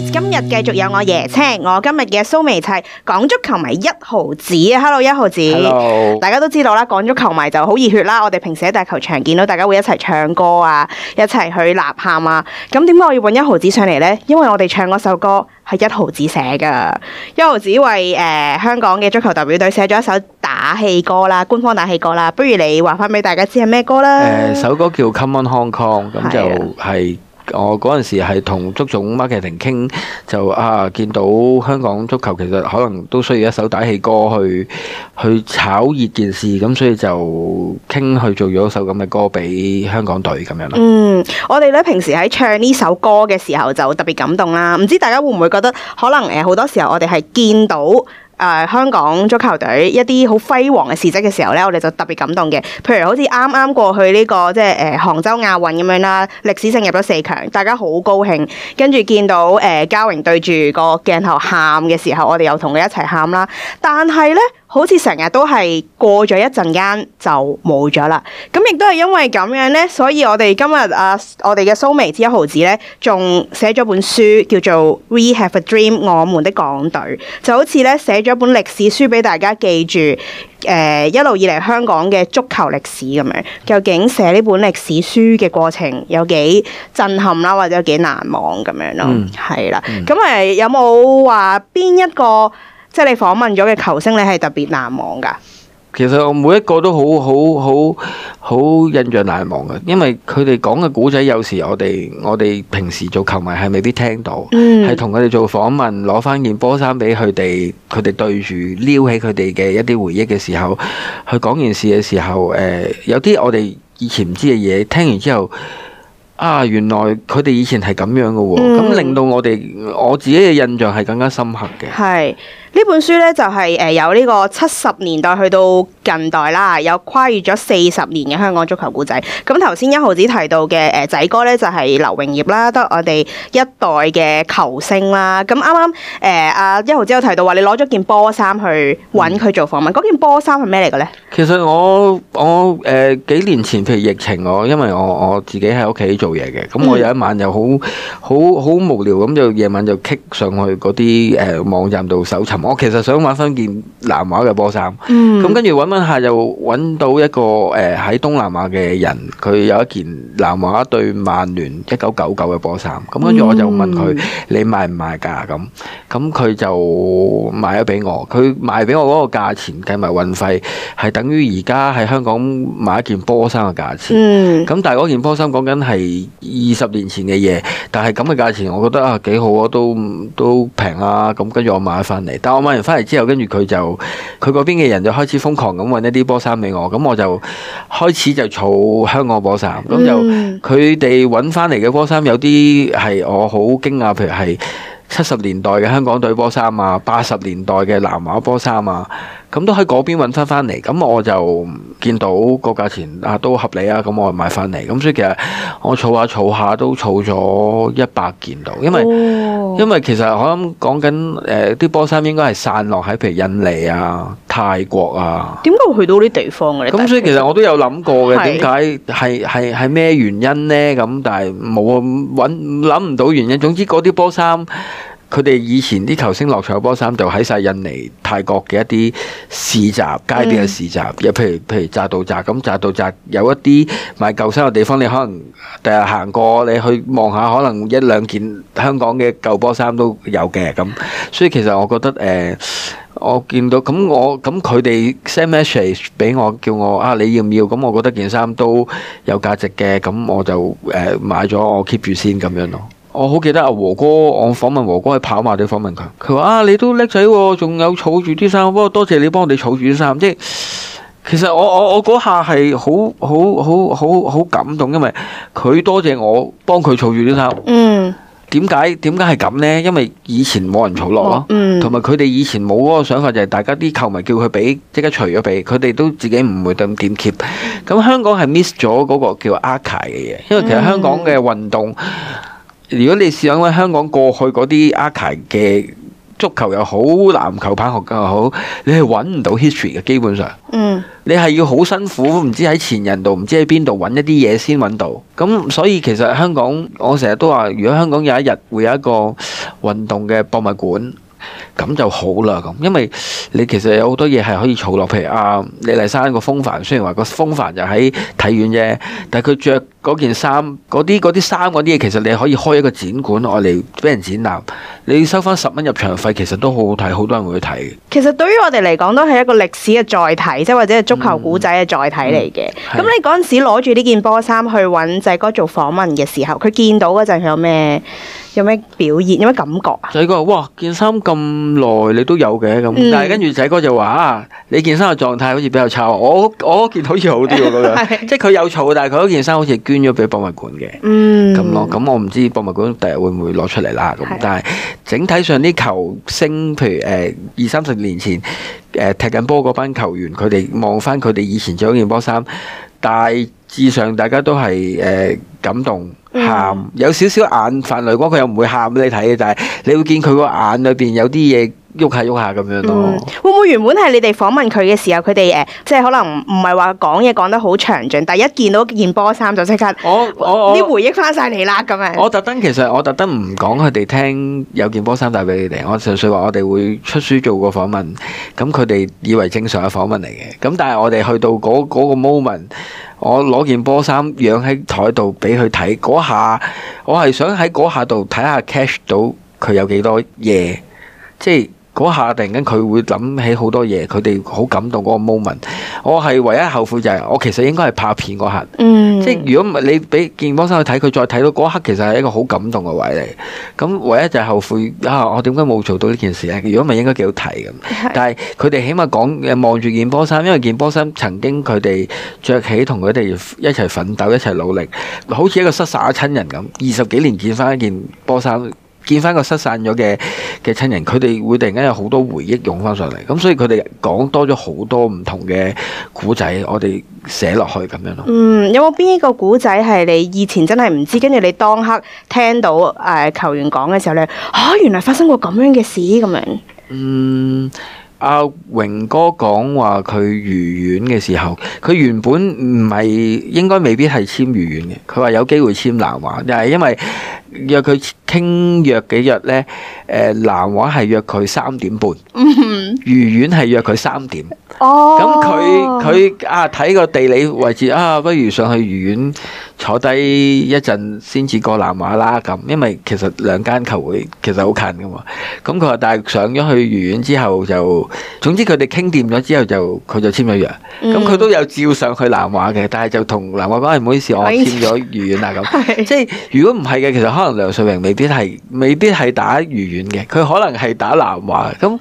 今日繼續有我爺青，我今日嘅蘇眉就係港足球迷一毫子，Hello 一毫子，Hello. 大家都知道啦，港足球迷就好熱血啦。我哋平時喺大球場見到大家會一齊唱歌啊，一齊去呐喊啊。咁點解我要揾一毫子上嚟呢？因為我哋唱嗰首歌係一毫子寫噶，一毫子為誒、呃、香港嘅足球代表隊寫咗一首打氣歌啦，官方打氣歌啦。不如你話翻俾大家知係咩歌啦？誒、呃，首歌叫 Come On Hong Kong，咁就係。我嗰陣時係同足總 marketing 傾，就啊見到香港足球其實可能都需要一首打氣歌，去去炒熱件事，咁所以就傾去做咗首咁嘅歌俾香港隊咁樣啦。嗯，我哋咧平時喺唱呢首歌嘅時候就特別感動啦。唔知大家會唔會覺得可能誒好、呃、多時候我哋係見到。誒、呃、香港足球隊一啲好輝煌嘅事蹟嘅時候呢，我哋就特別感動嘅。譬如好似啱啱過去呢、這個即係誒、呃、杭州亞運咁樣啦，歷史性入咗四強，大家好高興。跟住見到誒嘉榮對住個鏡頭喊嘅時候，我哋又同佢一齊喊啦。但係呢。好似成日都係過咗一陣間就冇咗啦，咁亦都係因為咁樣呢，所以我哋今日啊，我哋嘅蘇眉之一毫子呢，仲寫咗本書叫做《We Have a Dream》，我們的港隊就好似呢，寫咗本歷史書俾大家記住，誒、呃，一路以嚟香港嘅足球歷史咁樣，究竟寫呢本歷史書嘅過程有幾震撼啦，或者有幾難忘咁樣咯？係、嗯、啦，咁誒、嗯、有冇話邊一個？即係你訪問咗嘅球星，你係特別難忘噶其實我每一個都好好好好印象難忘嘅，因為佢哋講嘅古仔，有時我哋我哋平時做球迷係未必聽到，係同佢哋做訪問，攞翻件波衫俾佢哋，佢哋對住撩起佢哋嘅一啲回憶嘅時候，去講件事嘅時候，誒，有啲我哋以前唔知嘅嘢，聽完之後，啊，原來佢哋以前係咁樣噶喎，咁令到我哋我自己嘅印象係更加深刻嘅。係。呢本書呢，就係誒有呢個七十年代去到近代啦，有跨越咗四十年嘅香港足球故仔。咁頭先一毫子提到嘅誒仔哥呢，就係劉榮業啦，得我哋一代嘅球星啦。咁啱啱誒阿一毫子有提到話，你攞咗件波衫去揾佢做訪問，嗰件波衫係咩嚟嘅呢？其實我我誒、呃、幾年前，譬如疫情，我因為我我自己喺屋企做嘢嘅，咁我有一晚就好好好無聊咁，就夜晚就棘上去嗰啲誒網站度搜尋。我其實想買翻件南華嘅波衫，咁跟住揾揾下又揾到一個誒喺東南亞嘅人，佢有一件南華對曼聯一九九九嘅波衫，咁跟住我就問佢，你賣唔賣㗎咁？咁佢就賣咗俾我，佢賣俾我嗰個價錢計埋運費，係等於而家喺香港買一件波衫嘅價錢。咁但係嗰件波衫講緊係二十年前嘅嘢，但係咁嘅價錢，我覺得，啊幾好啊，都都平啊。咁跟住我買翻嚟得。我買完翻嚟之後，跟住佢就佢嗰邊嘅人就開始瘋狂咁搵一啲波衫俾我，咁我就開始就儲香港波衫。咁就佢哋搵翻嚟嘅波衫有啲係我好驚訝，譬如係七十年代嘅香港隊波衫啊，八十年代嘅南華波衫啊。咁都喺嗰邊揾翻翻嚟，咁我就見到個價錢啊都合理啊，咁我買翻嚟，咁所以其實我儲下儲下都儲咗一百件到，因為、哦、因為其實我諗講緊誒啲波衫應該係散落喺譬如印尼啊、泰國啊，點解會去到啲地方嘅？咁所以其實我都有諗過嘅，點解係係係咩原因呢？咁但係冇揾諗唔到原因，總之嗰啲波衫。佢哋以前啲球星落場波衫就喺晒印尼、泰國嘅一啲市集、街邊嘅市集，又譬如譬如乍到乍咁乍到乍有一啲賣舊衫嘅地方，你可能第日行過，你去望下，可能一兩件香港嘅舊波衫都有嘅咁。所以其實我覺得誒、呃，我見到咁我咁佢哋 send message 俾我，叫我啊你要唔要？咁我覺得件衫都有價值嘅，咁我就誒、呃、買咗，我 keep 住先咁樣咯。我好記得阿和哥，我訪問和哥，去跑馬地訪問佢。佢話：啊，你都叻仔喎，仲有儲住啲衫。不過多謝你幫我哋儲住啲衫。即係其實我我我嗰下係好好好好感動，因為佢多謝我幫佢儲住啲衫。嗯。點解點解係咁呢？因為以前冇人儲落咯，同埋佢哋以前冇嗰個想法，就係大家啲球迷叫佢俾，即刻除咗俾，佢哋都自己唔會咁點 keep。咁香港係 miss 咗嗰個叫 archive 嘅嘢，因為其實香港嘅運動。如果你試諗香港過去嗰啲 archive 嘅足球又好，籃球棒學家又好，你係揾唔到 history 嘅，基本上。嗯，你係要好辛苦，唔知喺前人度，唔知喺邊度揾一啲嘢先揾到。咁所以其實香港，我成日都話，如果香港有一日會有一個運動嘅博物館。咁就好啦，咁因為你其實有好多嘢係可以儲落，譬如啊李麗珊個風帆，雖然話個風帆就喺體院啫，但係佢着嗰件衫，嗰啲啲衫嗰啲嘢，其實你可以開一個展館我嚟俾人展覽，你收翻十蚊入場費，其實都好好睇，好多人會去睇。其實對於我哋嚟講，都係一個歷史嘅載體，即係或者係足球古仔嘅載體嚟嘅。咁、嗯嗯、你嗰陣時攞住呢件波衫去揾仔哥做訪問嘅時候，佢見到嗰陣佢有咩？有咩表現？有咩感覺啊？仔哥，哇！件衫咁耐你都有嘅，咁，但係跟住仔哥就話啊，你件衫嘅狀態好似比較差，我我件好似好啲咁樣，即係佢有嘈，但係佢嗰件衫好似捐咗俾博物館嘅，咁咯。 咁、嗯、我唔知博物館第日會唔會攞出嚟啦。咁但係整體上啲球星，譬如誒二三十年前誒、呃、踢緊波嗰班球員，佢哋望翻佢哋以前着嗰件波衫，大致上大家都係誒、呃、感動。感動喊，有少少眼泛淚光，佢又唔會喊俾你睇嘅，但係你會見佢個眼裏邊有啲嘢喐下喐下咁樣咯。會唔會原本係你哋訪問佢嘅時候，佢哋誒，即係可能唔係話講嘢講得好詳盡，但係一見到件波衫就即刻，我我我啲回憶翻晒嚟啦，咁樣。我特登其實我特登唔講佢哋聽有件波衫帶俾你哋，我純粹話我哋會出書做個訪問，咁佢哋以為正常嘅訪問嚟嘅。咁但係我哋去到嗰嗰個 moment。我攞件波衫仰喺台度畀佢睇，嗰下我係想喺嗰下度睇下 catch 到佢有幾多嘢，即係。嗰下突然間佢會諗起好多嘢，佢哋好感動嗰個 moment。我係唯一後悔就係、係，我其實應該係拍片嗰刻，嗯、即係如果唔係你俾件波衫去睇，佢再睇到嗰刻，其實係一個好感動嘅位嚟。咁唯一就係後悔啊，我點解冇做到呢件事咧？如果唔係應該幾好睇嘅。但係佢哋起碼講望住件波衫，因為件波衫曾經佢哋着起同佢哋一齊奮鬥、一齊努力，好似一個失散親人咁。二十幾年見翻一件波衫。見翻個失散咗嘅嘅親人，佢哋會突然間有好多回憶湧翻上嚟，咁所以佢哋講多咗好多唔同嘅古仔，我哋寫落去咁樣咯。嗯，有冇邊一個古仔係你以前真係唔知，跟住你當刻聽到誒、呃、球員講嘅時候，你啊，原來發生過咁樣嘅事咁樣？嗯，阿、啊、榮哥講話佢愉園嘅時候，佢原本唔係應該未必係簽愉園嘅，佢話有機會簽南華，就係因為。約佢傾約幾日咧？誒南華係約佢三點半，愉園係約佢三點。哦，咁佢佢啊睇個地理位置啊，不如上去愉園坐低一陣先至過南華啦。咁因為其實兩間球會其實好近噶嘛。咁佢話，但係上咗去愉園之後，就總之佢哋傾掂咗之後，就佢就簽咗約。咁佢都有照上去南華嘅，但係就同南華講，係唔好意思，我簽咗愉園啦。咁即係如果唔係嘅，其實可。可能梁帥榮未必係未必係打愉園嘅，佢可能係打南華。咁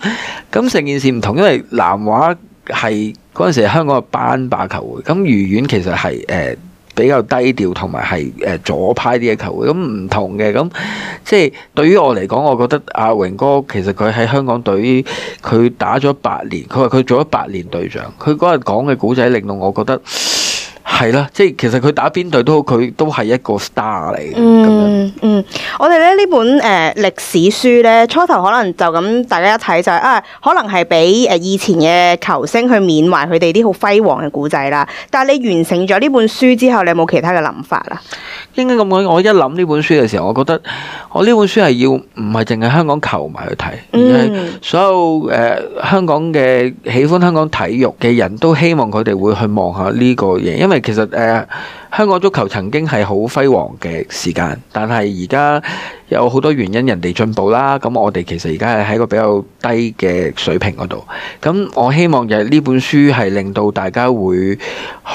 咁成件事唔同，因為南華係嗰陣時香港嘅班霸球會，咁愉園其實係誒、呃、比較低調同埋係誒左派啲嘅球會，咁唔同嘅，咁即係對於我嚟講，我覺得阿榮哥其實佢喺香港隊佢打咗八年，佢話佢做咗八年隊長，佢嗰日講嘅古仔令到我覺得。係啦，即係其實佢打邊隊都好，佢都係一個 star 嚟嘅。咁樣嗯嗯，我哋咧呢本誒、呃、歷史書咧初頭可能就咁，大家一睇，就係，啊，可能係俾誒以前嘅球星去緬懷佢哋啲好輝煌嘅古仔啦。但係你完成咗呢本書之後，你有冇其他嘅諗法啊？應該咁講，我一諗呢本書嘅時候，我覺得我呢本書係要唔係淨係香港球迷去睇，而係所有誒香港嘅喜歡香港體育嘅人都希望佢哋會去望下呢個嘢，因為。其實誒、呃，香港足球曾經係好輝煌嘅時間，但係而家有好多原因，人哋進步啦。咁我哋其實而家係喺個比較低嘅水平嗰度。咁我希望就係呢本書係令到大家會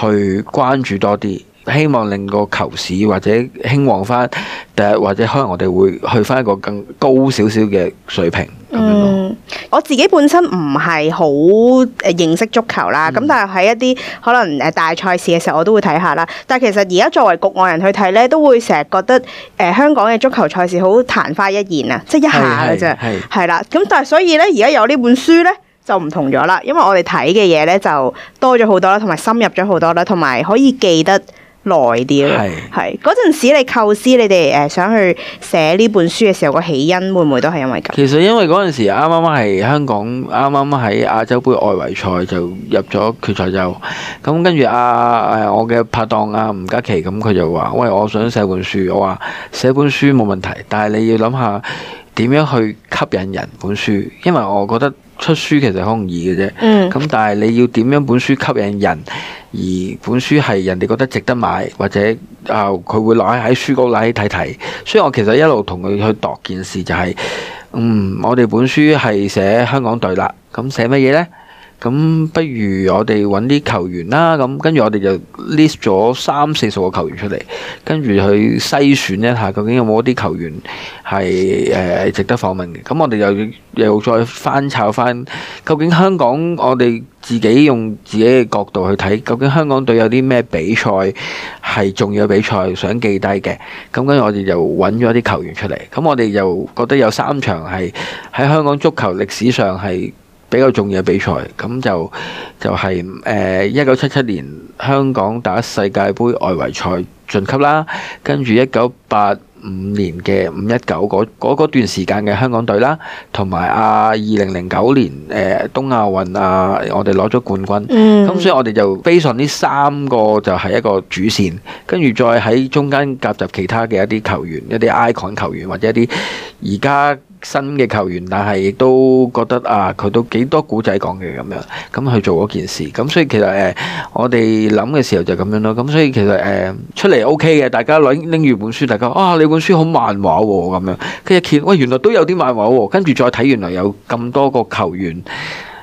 去關注多啲，希望令個球市或者興旺翻，誒或者可能我哋會去翻一個更高少少嘅水平。嗯，我自己本身唔係好誒認識足球啦，咁、嗯、但係喺一啲可能誒大賽事嘅時候我都會睇下啦。但係其實而家作為局外人去睇咧，都會成日覺得誒、呃、香港嘅足球賽事好曇花一現啊，即係一下嘅啫，係是啦。咁但係所以咧，而家有呢本書咧，就唔同咗啦，因為我哋睇嘅嘢咧就多咗好多啦，同埋深入咗好多啦，同埋可以記得。耐啲咯，係嗰陣時你構思你哋誒、呃、想去寫呢本書嘅時候，個起因會唔會都係因為咁？其實因為嗰陣時啱啱係香港，啱啱喺亞洲杯外圍賽就入咗決賽就咁，跟住阿誒我嘅拍檔阿、啊、吳家褀咁，佢就話，喂，我想寫本書，我話寫本書冇問題，但係你要諗下點樣去吸引人本書，因為我覺得。出書其實好容易嘅啫，咁、嗯、但係你要點樣本書吸引人，而本書係人哋覺得值得買，或者啊佢會攞喺書架攞睇睇。所以我其實一路同佢去度件事就係、是，嗯，我哋本書係寫香港隊啦，咁寫乜嘢呢？」咁不如我哋揾啲球員啦，咁跟住我哋就 list 咗三四十個球員出嚟，跟住去篩選一下究竟有冇啲球員係誒、呃、值得訪問嘅。咁我哋又又再翻炒翻，究竟香港我哋自己用自己嘅角度去睇，究竟香港隊有啲咩比賽係重要比賽想記低嘅？咁跟住我哋就揾咗啲球員出嚟，咁我哋又覺得有三場係喺香港足球歷史上係比較重要嘅比賽，咁就就係誒一九七七年香港打世界杯外圍賽晉級啦，跟住一九八五年嘅五一九嗰段時間嘅香港隊啦，同埋啊二零零九年誒東亞運啊，我哋攞咗冠軍，咁、嗯、所以我哋就非常呢三個就係一個主線，跟住再喺中間夾雜其他嘅一啲球員，一啲 icon 球員或者一啲而家。新嘅球員，但係亦都覺得啊，佢都幾多古仔講嘅咁樣，咁去做嗰件事，咁所以其實誒、欸，我哋諗嘅時候就咁樣咯，咁所以其實誒、欸、出嚟 O K 嘅，大家拎拎完本書，大家啊，你本書好漫畫喎、哦、咁樣，跟住一揭，喂，原來都有啲漫畫喎、哦，跟住再睇，原來有咁多個球員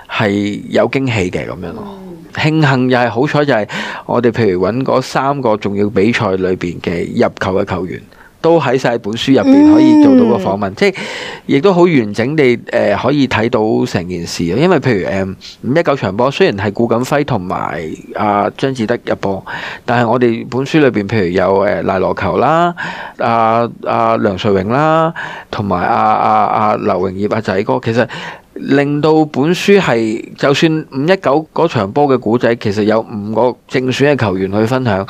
係有驚喜嘅咁樣咯，慶幸又係好彩就係我哋譬如揾嗰三個重要比賽裏邊嘅入球嘅球員。都喺晒本書入邊可以做到個訪問，即係亦都好完整地誒、呃、可以睇到成件事。因為譬如誒、呃、五一九場波雖然係顧錦輝同埋阿張志德入波，但係我哋本書裏邊譬如有誒、呃、賴羅球啦、阿、啊、阿、啊、梁帥榮啦，同埋阿阿阿劉榮業、阿、啊、仔哥，其實令到本書係就算五一九場波嘅古仔，其實有五個正選嘅球員去分享，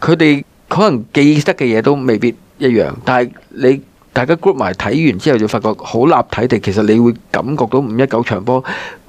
佢哋可能記得嘅嘢都未必。一樣，但係你大家 group 埋睇完之後，就發覺好立體地，其實你會感覺到五一九場波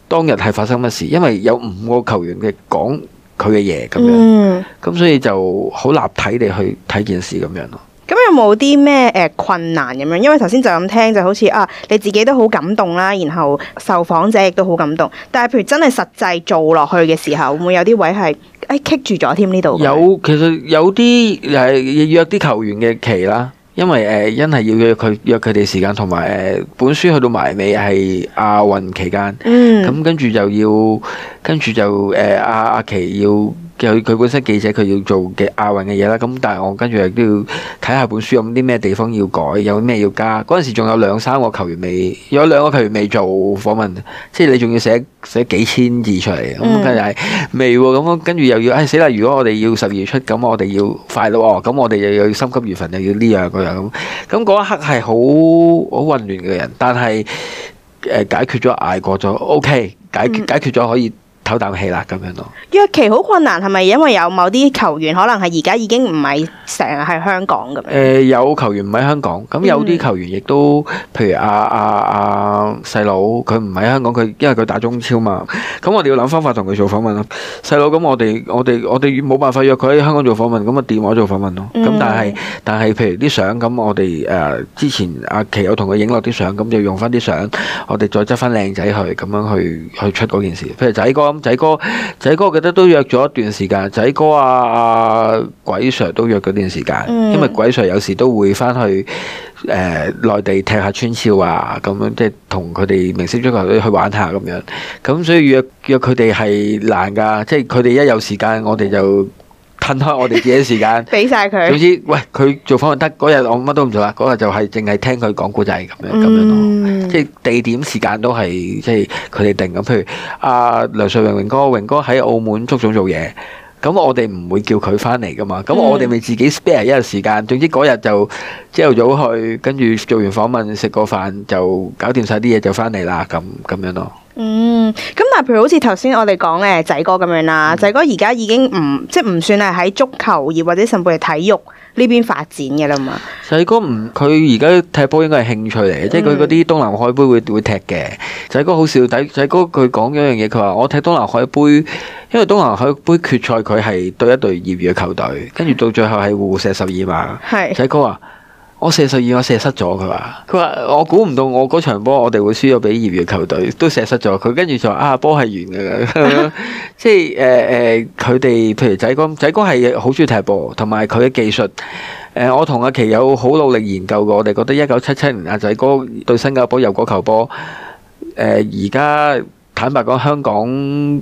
當日係發生乜事，因為有五個球員嘅講佢嘅嘢咁樣，咁所以就好立體地去睇件事咁樣咯。咁有冇啲咩誒困難咁樣？因為頭先就咁聽，就好似啊你自己都好感動啦，然後受訪者亦都好感動。但係譬如真係實際做落去嘅時候，會唔會有啲位係誒棘住咗添呢度？有，其實有啲誒約啲球員嘅期啦，因為誒、呃、因係要約佢約佢哋時間，同埋誒本書去到埋尾係亞運期間。嗯。咁跟住就要，跟住就誒、呃、阿阿奇要。佢本身記者佢要做嘅亞運嘅嘢啦，咁但係我跟住亦都要睇下本書，有啲咩地方要改，有咩要加。嗰陣時仲有兩三個球員未，有兩個球員未做訪問，即係你仲要寫寫幾千字出嚟。咁佢又係未喎，咁、嗯嗯嗯嗯、跟住又要唉、哎、死啦！如果我哋要十二月出，咁我哋要快到哦，咁我哋又要心急如焚，又要呢樣嗰樣。咁咁嗰一刻係好好混亂嘅人，但係誒、呃、解決咗捱過咗，OK，解決解決咗可以。唞啖氣啦，咁樣咯。約期好困難，係咪因為有某啲球員可能係而家已經唔係成日喺香港咁？誒、呃，有球員唔喺香港，咁有啲球員亦都，譬如阿阿阿細佬，佢唔喺香港，佢因為佢打中超嘛。咁我哋要諗方法同佢做訪問咯。細佬，咁我哋我哋我哋冇辦法約佢喺香港做訪問，咁啊電話做訪問咯？咁但係、嗯、但係，譬如啲相咁，我哋誒、呃、之前阿褀有同佢影落啲相，咁就用翻啲相，我哋再執翻靚仔去，咁樣去去，去出嗰件事。譬如仔哥。咁仔哥，仔哥，我記得都約咗一段時間。仔哥啊，阿鬼 Sir 都約咗段時間，因為鬼 Sir 有時都會翻去誒、呃、內地踢下川超啊，咁樣，即係同佢哋明星足球隊去玩下咁樣。咁所以約約佢哋係難㗎，即係佢哋一有時間，我哋就。褪開我哋自己時間，俾曬佢。總之，喂，佢做訪問得嗰日，我乜都唔做啦。嗰日就係淨係聽佢講故仔咁樣咁樣咯。即係地點、時間都係即係佢哋定。咁譬如阿梁帥榮榮哥，榮哥喺澳門足總做嘢，咁我哋唔會叫佢翻嚟噶嘛。咁我哋咪自己 spare 一日時間。總之嗰日就朝頭早去，跟住做完訪問，食個飯就搞掂曬啲嘢就翻嚟啦。咁咁樣咯。嗯，咁但譬如好似頭先我哋講誒仔哥咁樣啦，仔、嗯、哥而家已經唔即係唔算係喺足球業或者甚至係體育呢邊發展嘅啦嘛。仔哥唔，佢而家踢波應該係興趣嚟，嘅、嗯，即係佢嗰啲東南海杯會會，會踢嘅。仔哥好笑，仔仔哥佢講咗一樣嘢，佢話我踢東南海杯，因為東南海杯決賽佢係對一隊業餘嘅球隊，跟住到最後係互射十二碼。係仔是哥話。我射十二，我射失咗。佢話：佢話我估唔到我嗰場波，我哋會輸咗俾業餘球隊，都射失咗。佢跟住就話：啊，波係完嘅。 即係誒誒，佢、呃、哋、呃、譬如仔哥，仔哥係好中意踢波，同埋佢嘅技術。誒、呃，我同阿琪有好努力研究過，我哋覺得一九七七年阿仔哥對新加坡入嗰球波。誒、呃，而家坦白講，香港。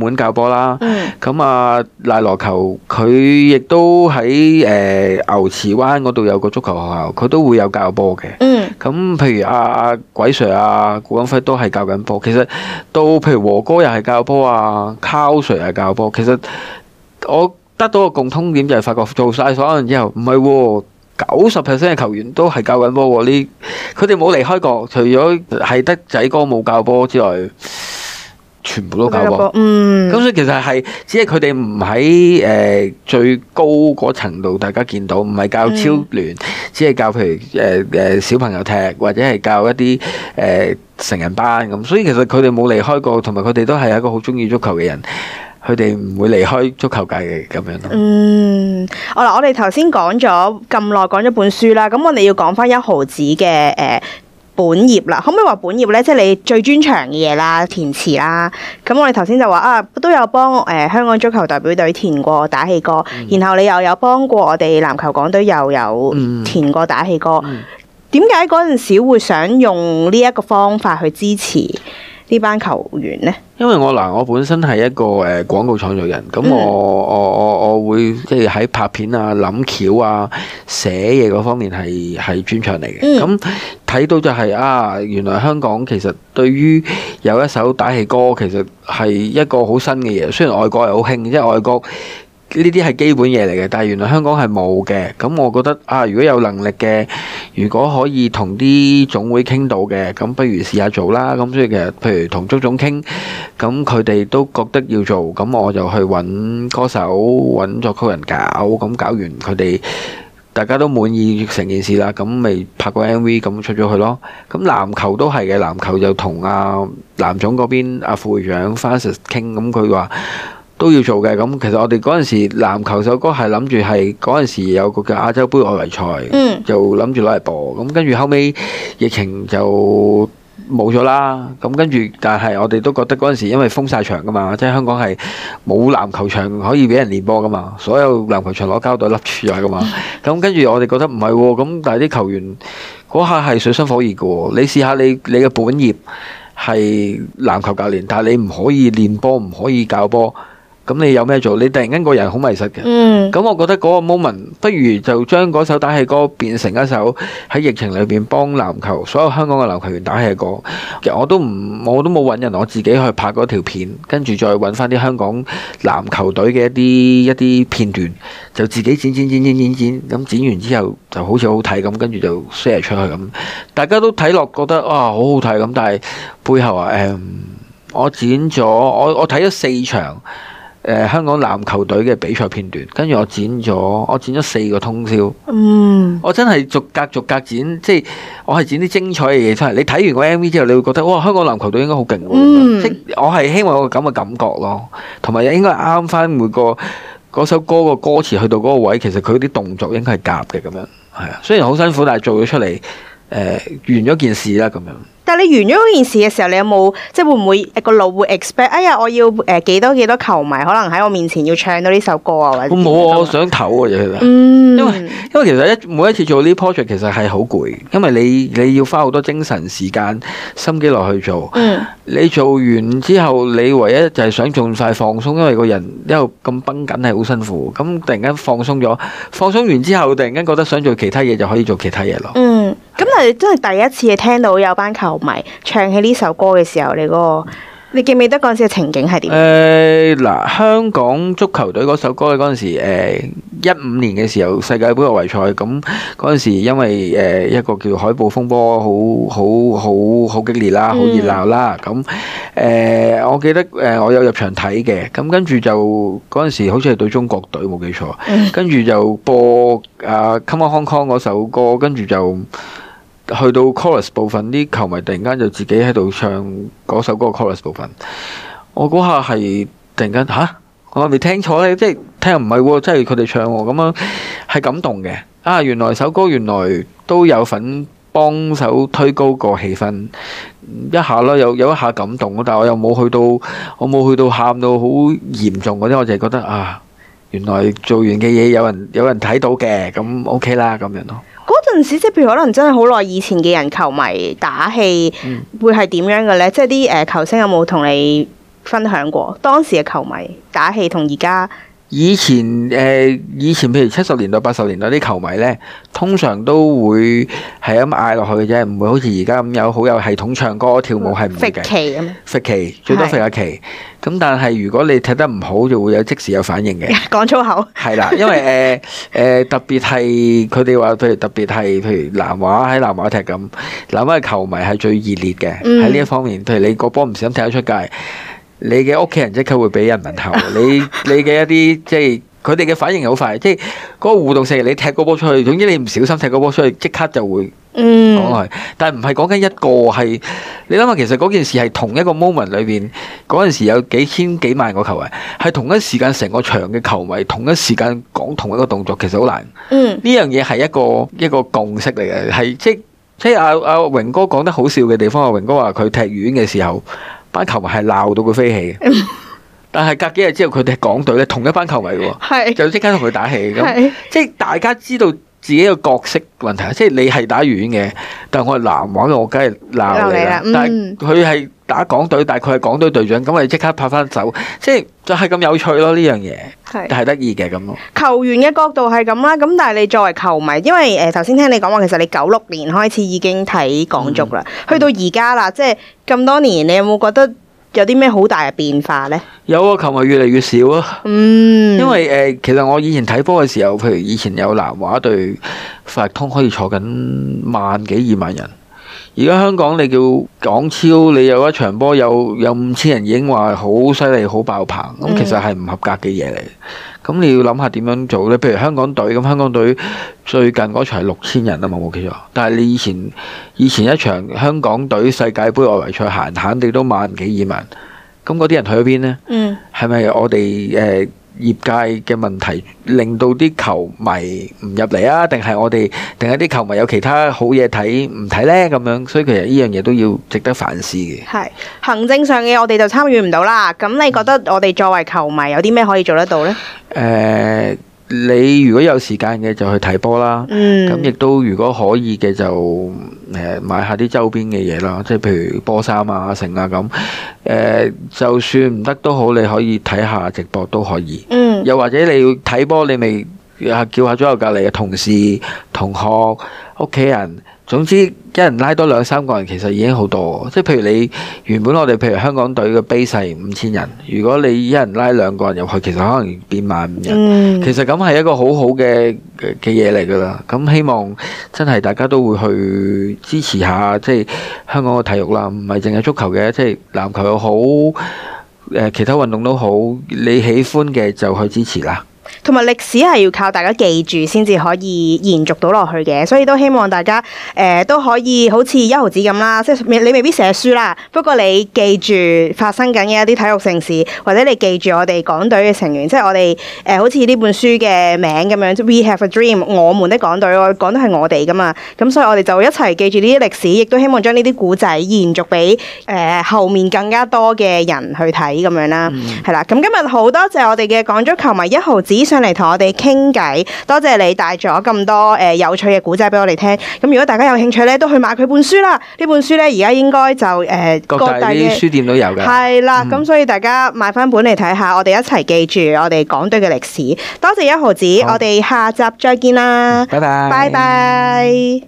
滿教波啦，咁、嗯嗯、啊賴羅球佢亦都喺誒、呃、牛池灣嗰度有個足球學校，佢都會有教波嘅。咁譬、嗯嗯嗯、如阿、啊、鬼 Sir 啊古恩輝都係教緊波，其實到譬如和哥又係教波啊 Carl Sir 係教波。其實我得到嘅共通點就係發覺做晒所有人之後，唔係九十 percent 嘅球員都係教緊波喎。呢佢哋冇離開過，除咗係得仔哥冇教波之外。全部都教過，嗯，咁所以其實係，只係佢哋唔喺誒最高嗰層度，大家見到，唔係教超聯，嗯、只係教譬如誒誒、呃呃、小朋友踢，或者係教一啲誒、呃、成人班咁，所以其實佢哋冇離開過，同埋佢哋都係一個好中意足球嘅人，佢哋唔會離開足球界嘅咁樣。嗯，好啦，我哋頭先講咗咁耐，講咗本書啦，咁我哋要講翻一毫子嘅誒。呃本業啦，可唔可以話本業咧？即係你最專長嘅嘢啦，填詞啦。咁我哋頭先就話啊，都有幫誒、呃、香港足球代表隊填過打氣歌，嗯、然後你又有幫過我哋籃球港隊又有填過打氣歌。點解嗰陣時會想用呢一個方法去支持？呢班球員呢？因為我嗱、呃，我本身係一個誒、呃、廣告創作人，咁我、嗯、我我我會即係喺拍片啊、諗橋啊、寫嘢嗰方面係係專長嚟嘅。咁睇到就係、是、啊，原來香港其實對於有一首打氣歌，其實係一個好新嘅嘢。雖然外國係好興，即係外國。呢啲係基本嘢嚟嘅，但係原來香港係冇嘅。咁我覺得啊，如果有能力嘅，如果可以同啲總會傾到嘅，咁不如試下做啦。咁所以其實，譬如同足總傾，咁佢哋都覺得要做，咁我就去揾歌手，揾作曲人搞，咁搞完佢哋大家都滿意成件事啦。咁咪拍個 MV 咁出咗去咯。咁籃球都係嘅，籃球就同阿籃總嗰邊阿副會長 Francis 傾，咁佢話，都要做嘅，咁其實我哋嗰陣時籃球首歌係諗住係嗰陣時有個叫亞洲杯外圍賽，mm. 就諗住攞嚟播。咁跟住後尾疫情就冇咗啦。咁跟住，但係我哋都覺得嗰陣時因為封晒場噶嘛，即係香港係冇籃球場可以俾人練波噶嘛，所有籃球場攞膠袋笠住啊噶嘛。咁跟住我哋覺得唔係喎，咁但係啲球員嗰下係水深火熱嘅喎、哦。你試下，你你嘅本業係籃球教練，但係你唔可以練波，唔可以教波。咁你有咩做？你突然間個人好迷失嘅。咁、嗯、我覺得嗰個 moment 不如就將嗰首打氣歌變成一首喺疫情裏邊幫籃球所有香港嘅籃球員打氣歌。其實我都唔我都冇揾人，我自己去拍嗰條片，跟住再揾翻啲香港籃球隊嘅一啲一啲片段，就自己剪剪剪剪剪剪咁剪、剪完之後就好似好睇咁，跟住就 share 出去咁。大家都睇落覺得啊好好睇咁，但係背後啊、嗯、我剪咗我我睇咗四場。誒、呃，香港籃球隊嘅比賽片段，跟住我剪咗，我剪咗四個通宵。嗯，mm. 我真係逐格逐格剪，即係我係剪啲精彩嘅嘢出嚟。你睇完個 MV 之後，你會覺得哇，香港籃球隊應該好勁。嗯，mm. 即我係希望有個咁嘅感覺咯，同埋應該啱翻每個嗰首歌個歌詞去到嗰個位，其實佢啲動作應該係夾嘅咁樣。係啊，雖然好辛苦，但係做咗出嚟，誒、呃，完咗件事啦咁樣。你完咗嗰件事嘅時候，你有冇即係會唔會個腦會 expect？哎呀，我要誒、呃、幾多幾多球迷可能喺我面前要唱到呢首歌啊？或者冇啊，我想唞啊，嗯、因為因為其實一每一次做呢 project 其實係好攰，因為你你要花好多精神時間心機落去做，嗯、你做完之後，你唯一就係想盡快放鬆，因為個人一路咁繃緊係好辛苦，咁突然間放鬆咗，放鬆完之後，突然間覺得想做其他嘢就可以做其他嘢咯，嗯。咁啊，真係第一次聽到有班球迷唱起呢首歌嘅時候，你嗰個你記唔記得嗰陣時嘅情景係點？誒嗱，香港足球隊嗰首歌咧，嗰陣時誒一五年嘅時候，世界盃外圍賽，咁嗰陣時因為誒一個叫海報風波，好好好好激烈啦，好熱鬧啦，咁誒，我記得誒我有入場睇嘅，咁跟住就嗰陣時好似係對中國隊，冇記錯，跟住就播啊 Come on Hong Kong 嗰首歌，跟住就。去到 chorus 部分，啲球迷突然間就自己喺度唱嗰首歌 chorus 部分，我嗰下係突然間吓，我未聽錯咧，即係聽唔係喎，即係佢哋唱喎，咁樣係感動嘅。啊，原來首歌原來都有份幫手推高個氣氛一下咯，有有一下感動，但我又冇去到，我冇去到喊到好嚴重嗰啲，我就係覺得啊，原來做完嘅嘢，有人有人睇到嘅，咁 ok 啦，咁樣咯。嗰陣時，即譬如可能真係好耐以前嘅人，球迷打氣、嗯、會係點樣嘅呢？即係啲誒球星有冇同你分享過當時嘅球迷打氣同而家？以前誒、呃，以前譬如七十年代、八十年代啲球迷呢，通常都會係咁嗌落去嘅啫，唔會好似而家咁有好有系統唱歌跳舞，係唔得嘅。揮旗、嗯、最多揮下旗。咁是但係如果你踢得唔好，就會有即時有反應嘅。講粗口係啦，因為誒誒、呃呃、特別係佢哋話，譬如特別係譬如南華喺南華踢咁，南華嘅球迷係最熱烈嘅，喺呢一方面，譬如你個波唔想踢得出界。你嘅屋企人即刻會俾人問候，你你嘅一啲即係佢哋嘅反應好快，即係嗰個互動性。你踢個波出去，總之你唔小心踢個波出去，即刻就會講落去。但係唔係講緊一個係你諗下，其實嗰件事係同一個 moment 裏邊，嗰陣時有幾千幾萬個球迷，係同一時間成個場嘅球迷，同一時間講同一個動作，其實好難。呢、嗯、樣嘢係一個一個共識嚟嘅，係即即係阿阿榮哥講得好笑嘅地方阿、啊、榮哥話佢踢遠嘅時候。班球迷係鬧到佢飛起，但係隔幾日之後佢哋係港隊咧，同一班球迷嘅喎， 是 就刻 是 即刻同佢打氣，咁即係大家知道自己個角色問題， 是 即係你係打遠嘅，但我係南華，我梗係鬧你，你、啊嗯、但係佢係。打港隊，但係佢係港隊隊長，咁我哋即刻拍翻手，即係就係咁有趣咯，呢樣嘢，係得意嘅咁咯。球員嘅角度係咁啦，咁但係你作為球迷，因為誒頭先聽你講話，其實你九六年開始已經睇港足啦，去、嗯、到而家啦，嗯、即係咁多年，你有冇覺得有啲咩好大嘅變化呢？有啊，球迷越嚟越少啊。嗯，因為誒、呃，其實我以前睇波嘅時候，譬如以前有南華對快譯通可以坐緊萬幾二萬人。而家香港你叫港超，你有一場波有有五千人已經話好犀利好爆棚，咁其實係唔合格嘅嘢嚟。咁你要諗下點樣做呢？譬如香港隊咁，香港隊最近嗰場六千人啊嘛冇記錯，但係你以前以前一場香港隊世界杯外圍賽閒閒哋，你都萬幾二萬，咁嗰啲人去咗邊呢？係咪我哋誒？呃業界嘅問題令到啲球迷唔入嚟啊，定係我哋定係啲球迷有其他好嘢睇唔睇呢？咁樣，所以其實呢樣嘢都要值得反思嘅。係行政上嘅，我哋就參與唔到啦。咁你覺得我哋作為球迷有啲咩可以做得到呢？誒、呃。你如果有時間嘅就去睇波啦，咁亦、嗯、都如果可以嘅就誒買下啲周邊嘅嘢啦，即係譬如波衫啊、成啊咁。誒、呃，就算唔得都好，你可以睇下直播都可以。嗯，又或者你要睇波，你咪啊叫下左右隔離嘅同事、同學、屋企人，總之，一人拉多兩三個人，其實已經好多，即係譬如你原本我哋譬如香港隊嘅 base 五千人，如果你一人拉兩個人入去，其實可能變萬五人。嗯、其實咁係一個好好嘅嘅嘢嚟㗎啦。咁希望真係大家都會去支持下，即係香港嘅體育啦，唔係淨係足球嘅，即係籃球又好，誒、呃、其他運動都好，你喜歡嘅就去支持啦。同埋歷史係要靠大家記住先至可以延續到落去嘅，所以都希望大家誒、呃、都可以好似一毫子咁啦，即係你未必寫書啦，不過你記住發生緊嘅一啲體育盛事，或者你記住我哋港隊嘅成員，即係我哋誒、呃、好似呢本書嘅名咁樣，We Have A Dream，我們的港隊，我講都係我哋噶嘛，咁所以我哋就一齊記住呢啲歷史，亦都希望將呢啲古仔延續俾誒、呃、後面更加多嘅人去睇咁樣啦，係、嗯嗯、啦，咁今日好多謝我哋嘅港足球迷一毫子。上嚟同我哋傾偈，多謝你帶咗咁多誒、呃、有趣嘅古仔俾我哋聽。咁如果大家有興趣咧，都去買佢本書啦。呢本書咧而家應該就誒、呃、各大書店都有嘅，係啦。咁、嗯、所以大家買翻本嚟睇下，我哋一齊記住我哋港隊嘅歷史。多謝一毫子，好，我哋下集再見啦，拜拜，拜拜。